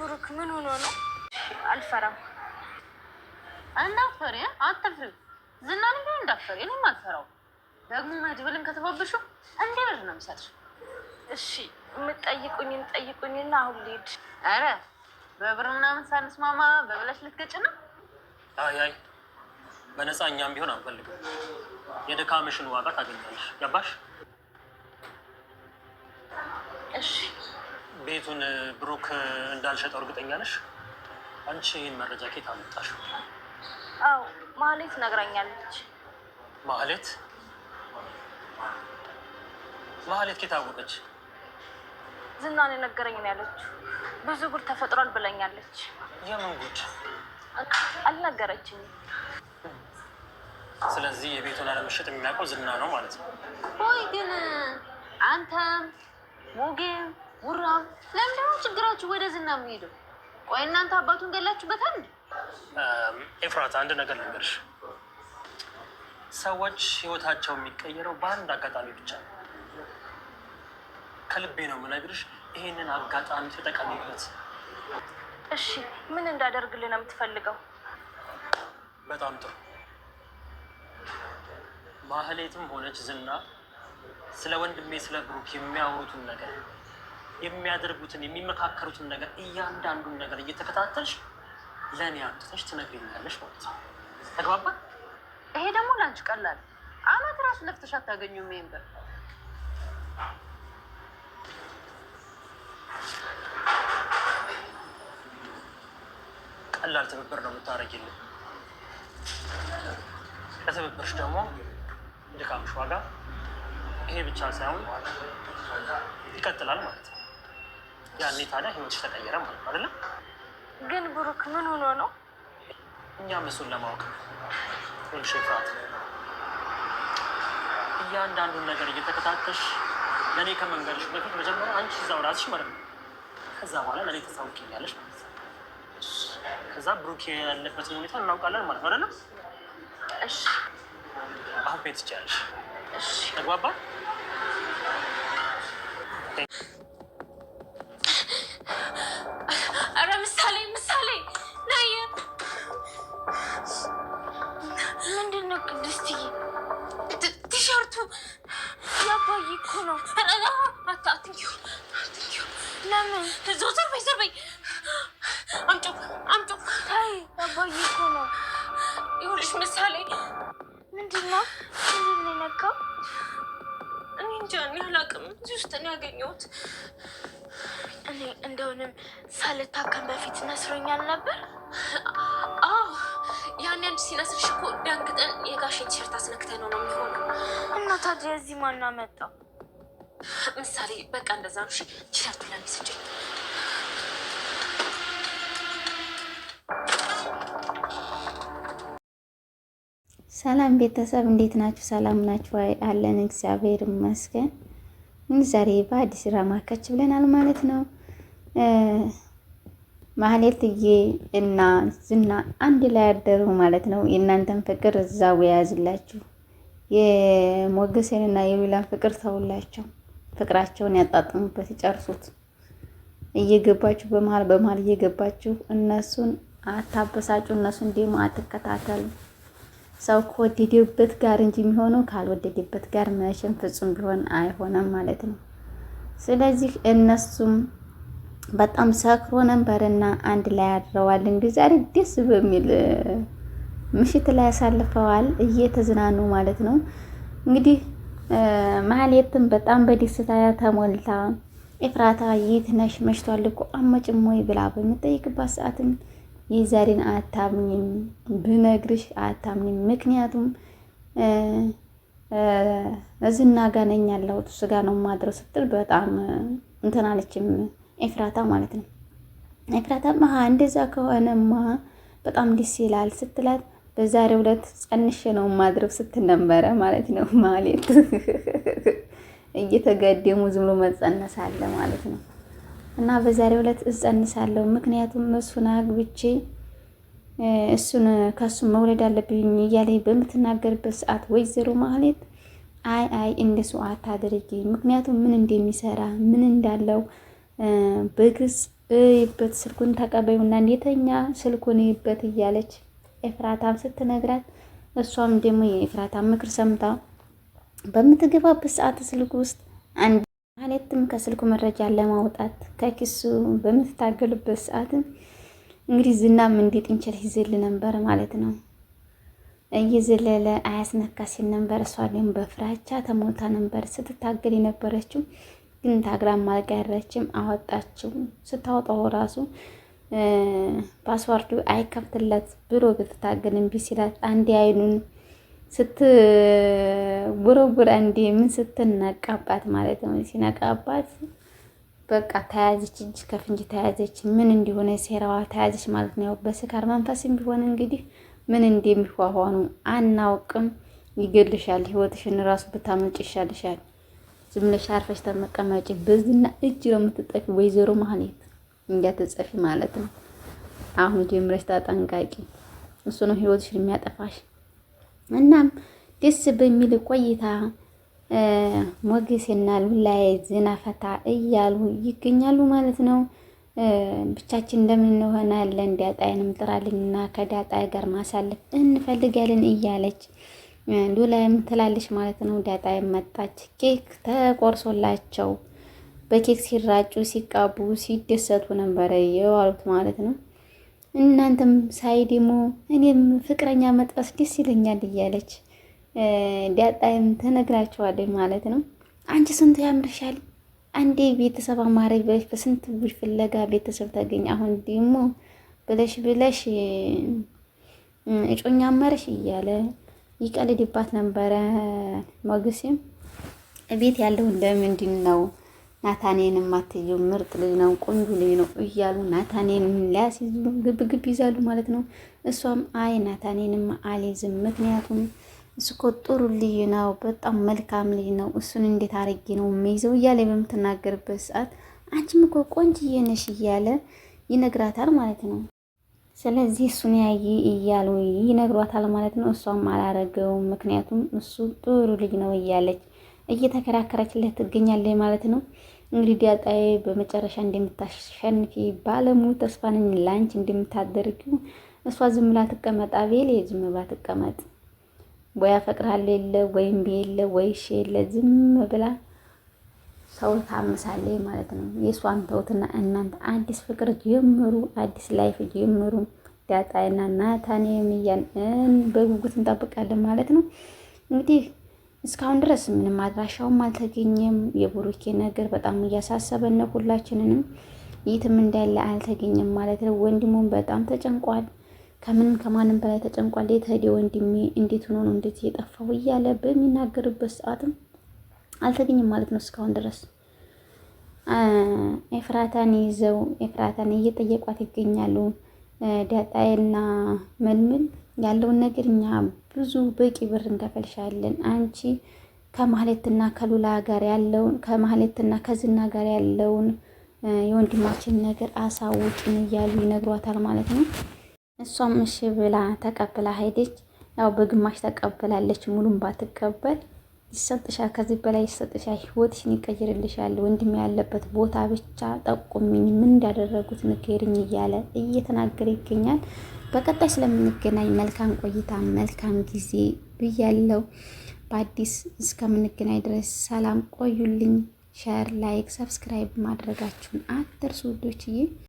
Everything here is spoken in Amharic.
ብሩክ ምን ሆኖ ነው? አልፈራም። እንዳፈሪ አትፍሪ። ዝናን ቢሆን እንዳፈሪ አልፈራው። ደግሞ መድብልን ከተባብሹ እንደ ብር ነው የሚሰጥሽ። እሺ የምጠይቁኝን ጠይቁኝና አሁን ልሂድ። አረ በብር ምናምን ሳንስማማ በብለሽ ልትገጭ ነው? አይ አይ፣ በነፃ እኛም ቢሆን አንፈልግም። የድካምሽን ዋጋ ታገኛለሽ። ገባሽ? እሺ ቤቱን ብሩክ እንዳልሸጠው እርግጠኛ ነሽ? አንቺ ይህን መረጃ ኬት አመጣሽ? አዎ ማህሌት ነግራኛለች። ማህሌት ማህሌት ኬት አወቀች? ዝናን የነገረኝ ነው ያለችው። ብዙ ጉድ ተፈጥሯል ብለኛለች። የምን ጉድ? አልነገረችኝም። ስለዚህ የቤቱን አለመሸጥ የሚያውቀው ዝና ነው ማለት ነው። ወይ ግን አንተም ሙጌም ውራ ለምን ደግሞ ችግራችሁ ወደ ዝና የሚሄደው? ቆይ እናንተ አባቱን ገላችሁበታል። አንድ ኤፍራት፣ አንድ ነገር ልንገርሽ፣ ሰዎች ህይወታቸው የሚቀየረው በአንድ አጋጣሚ ብቻ ነው። ከልቤ ነው የምነግርሽ፣ ይሄንን አጋጣሚ ተጠቀሚበት። እሺ፣ ምን እንዳደርግልን ነው የምትፈልገው? በጣም ጥሩ። ማህሌትም ሆነች ዝና ስለ ወንድሜ ስለ ብሩክ የሚያወሩትን ነገር የሚያደርጉትን የሚመካከሩትን ነገር እያንዳንዱን ነገር እየተከታተልሽ ለእኔ አምጥተሽ ትነግሪኛለሽ ማለት ነው። ተግባባን? ይሄ ደግሞ ለአንቺ ቀላል አመት ራሱ ለፍተሽ አታገኙም። ይሄን ቀላል ትብብር ነው የምታደርጊልኝ። ከትብብርሽ ደግሞ ድካምሽ ዋጋ ይሄ ብቻ ሳይሆን ይቀጥላል ማለት ነው። ያኔ ታዲያ ህይወትሽ ተቀየረ ማለት ነው አይደለም? ግን ብሩክ ምን ሆኖ ነው? እኛም እሱን ለማወቅ ሁልሽ ፍራት እያንዳንዱን ነገር እየተከታተሽ ለእኔ ከመንገድሽ በፊት መጀመሪያ አንቺ እዛው ራስሽ ማለት ነው። ከዛ በኋላ ለእኔ ተሳውቂኛለሽ ማለት ነው። ከዛ ብሩክ ያለበትን ሁኔታ እናውቃለን ማለት ነው አይደለም? እሺ አሁን ቤት እሺ ተግባባ አምጡ። አባዬ እኮ ነው። ይኸውልሽ ምሳሌ ምንድን ነው ምንድን ነው የነካው? እኔ እንጃ እኔ አላውቅም። እዚህ ውስጥ ነው ያገኘሁት። እኔ እንደውንም ሳልታከም በፊት ነስሮኛል ነበር። አዎ ያን አንድ ሲነስርሽ እኮ ደንግጠን የጋሽን ቲሸርት አስነክተን ነው የሚሆነው። እና ታዲያ እዚህ ማን አመጣው? ምሳሌ በቃ እንደዛ ነው። ቲሸርቱ ለሚስጭ ሰላም ቤተሰብ እንዴት ናችሁ? ሰላም ናችሁ? አለን እግዚአብሔር ይመስገን። ዛሬ በአዲስ ድራማ ከች ብለናል ማለት ነው። ማህሌትዬ እና ዝና አንድ ላይ ያደሩ ማለት ነው። የእናንተን ፍቅር እዛው የያዝላችሁ፣ የሞገሴን እና የሉላን ፍቅር ተውላቸው። ፍቅራቸውን ያጣጥሙበት ይጨርሱት። እየገባችሁ በመሀል በመሀል እየገባችሁ እነሱን አታበሳጩ፣ እነሱን ደግሞ አትከታተሉ። ሰው ከወደደበት ጋር እንጂ የሚሆነው ካልወደደበት ጋር መቼም ፍጹም ቢሆን አይሆነም ማለት ነው። ስለዚህ እነሱም በጣም ሰክሮ ነበርና አንድ ላይ አድረዋል። እንግዲህ ዛሬ ደስ በሚል ምሽት ላይ ያሳልፈዋል እየተዝናኑ ማለት ነው። እንግዲህ ማህሌትም በጣም በደስታ ተሞልታ ኤፍራታ የት ነሽ መሽቷል እኮ አመጭም ወይ ብላ በምጠይቅባት ሰዓትም የዛሬን አታምኝም ብነግርሽ አታምኝም። ምክንያቱም እዝና ጋ ነኝ ያለሁት እሱ ነው ማድረው ስትል በጣም እንትን አለችም ኤፍራታ ማለት ነው። ኤፍራታም አሀ እንደዛ ከሆነማ በጣም ደስ ይላል ስትላት በዛሬው ዕለት ጸንሼ ነው ማድረው ስትል ነበረ ማለት ነው። ማለት እየተጋደሙ ዝም ብሎ መጸነስ አለ ማለት ነው። እና በዛሬው ዕለት እጸንሳለሁ። ምክንያቱም እሱን አግብቼ እሱን ከሱ መውለድ አለብኝ እያለ በምትናገርበት ሰዓት ወይዘሮ ማህሌት አይ አይ እንደሱ አታድርጊ፣ ምክንያቱም ምን እንደሚሰራ ምን እንዳለው በግልጽ እይበት፣ ስልኩን ተቀበዩና እንዴተኛ ስልኩን እይበት እያለች ኤፍራታም ስትነግራት እሷም ደግሞ የኤፍራታ ምክር ሰምታ በምትገባበት ሰዓት ስልክ ውስጥ አንድ ማለትም ከስልኩ መረጃ ለማውጣት ከኪሱ በምትታገሉበት ሰዓትም እንግዲህ ዝናም እንዴት እንችል ይዝል ነበር ማለት ነው። እየዘለለ አያስነካ ሲል ነበር። እሷ ደግሞ በፍራቻ ተሞልታ ነበር ስትታገል የነበረችው። ግን ታግላ አልቀረችም፣ አወጣችው። ስታወጣው ራሱ ፓስዋርዱ አይከፍትለት ብሎ ብትታገል እምቢ ሲላት አንድ አይኑን ስትጉርጉር እንዲ ምን ስትነቃባት ማለት ነው። ሲነቃባት በቃ ተያዘች፣ እጅ ከፍንጅ ተያዘች፣ ምን እንዲሆነ ሴራዋ ተያዘች ማለት ነው። በስካር መንፈስም ቢሆን እንግዲህ ምን እንደሚፏፏኑ አናውቅም። ይገልሻል፣ ህይወትሽን ራሱ ብታመልጭ ይሻልሻል። ዝም ብለሽ አርፈሽ ተመቀመጭ። በዝና እጅ ነው የምትጠፊ ወይዘሮ ማህሌት እንዳትጠፊ ማለት ነው። አሁን ጀምረሽ ታጠንቃቂ፣ እሱ ነው ህይወትሽን የሚያጠፋሽ። እናም ደስ በሚል ቆይታ ሞገሴና ሉላ ዝና ፈታ እያሉ ይገኛሉ ማለት ነው። ብቻችን እንደምን እንሆናለን፣ ዳጣዬንም ጥራልኝና ከዳጣ ጋር ማሳለፍ እንፈልጋለን እያለች ሉላም ትላለች ማለት ነው። ዳጣዬም መጣች። ኬክ ተቆርሶላቸው በኬክ ሲራጩ ሲቃቡ ሲደሰቱ ነበረ የዋሉት ማለት ነው። እናንተም ሳይ ደግሞ እኔም ፍቅረኛ መጥበስ ደስ ይለኛል እያለች ዳጣይም ተነግራቸዋለች ማለት ነው። አንቺ ስንቱ ያምርሻል አንዴ ቤተሰብ አማረ ብለሽ በስንት ብር ፍለጋ ቤተሰብ ታገኝ፣ አሁን ደግሞ ብለሽ ብለሽ እጮኛ አመረሽ እያለ ይቀልድባት ነበረ። ሞገሴም ቤት ያለው እንደምንድን ነው ናታኔንም አትየው ምርጥ ልጅ ነው፣ ቆንጆ ልጅ ነው እያሉ ናታኔን ሊያስይዙ ግብግብ ይዛሉ ማለት ነው። እሷም አይ ናታኔንም አልይዝም፣ ምክንያቱም እሱ እኮ ጥሩ ልጅ ነው፣ በጣም መልካም ልጅ ነው፣ እሱን እንዴት አድርጌ ነው የሚይዘው እያለ በምትናገርበት ሰዓት አንቺም እኮ ቆንጅዬ ነሽ እያለ ይነግራታል ማለት ነው። ስለዚህ እሱን ያይ እያሉ ይነግሯታል ማለት ነው። እሷም አላረገውም ምክንያቱም እሱ ጥሩ ልጅ ነው እያለች እየተከራከረችለት ትገኛለች ማለት ነው። እንግዲህ ዳጣዬ በመጨረሻ እንደምታሸንፊ ባለሙሉ ተስፋ ነኝ። ላንች እንደምታደርጊው እሷ ዝም ብላ ትቀመጥ፣ አቤል ዝም ብላ ትቀመጥ። ወይ አፈቅርሃለሁ የለ ወይም እምቢ የለ ወይ እሺ የለ፣ ዝም ብላ ሰው ታምሳለች ማለት ነው። የእሷን ተውትና እናንተ አዲስ ፍቅር ጀምሩ፣ አዲስ ላይፍ ጀምሩ። ዳጣዬና ናታኔ የሚያን በጉጉት እንጠብቃለን ማለት ነው እንግዲህ እስካሁን ድረስ ምንም አድራሻውም አልተገኘም። የቡሩኬ ነገር በጣም እያሳሰበን ነው ሁላችንንም። የትም እንዳለ አልተገኘም ማለት ነው። ወንድሙም በጣም ተጨንቋል። ከምንም ከማንም በላይ ተጨንቋል። የት ሄደ ወንድሜ? እንዴት ሆኖ ነው እንዴት የጠፋው እያለ በሚናገርበት ሰዓትም አልተገኘም ማለት ነው እስካሁን ድረስ ኤፍራታን ይዘው ኤፍራታን እየጠየቋት ይገኛሉ። ዳጣይና መልምል ያለውን ነገር እኛ ብዙ በቂ ብር እንከፈልሻለን አንቺ ከማህሌትና ከሉላ ጋር ያለውን ከማህሌትና ከዝና ጋር ያለውን የወንድማችን ነገር አሳውቂን እያሉ ይነግሯታል ማለት ነው። እሷም እሺ ብላ ተቀብላ ሄደች። ያው በግማሽ ተቀብላለች፣ ሙሉም ባትቀበል ይሰጥሻል፣ ከዚህ በላይ ይሰጥሻል፣ ህይወትሽን ይቀይርልሻል። ወንድሜ ያለበት ቦታ ብቻ ጠቁሚኝ፣ ምን እንዳደረጉት ንገርኝ እያለ እየተናገረ ይገኛል። በቀጣይ ስለምንገናኝ መልካም ቆይታ፣ መልካም ጊዜ ብያለው። በአዲስ እስከምንገናኝ ድረስ ሰላም ቆዩልኝ። ሸር፣ ላይክ፣ ሰብስክራይብ ማድረጋችሁን አትርሱ ውዶችዬ።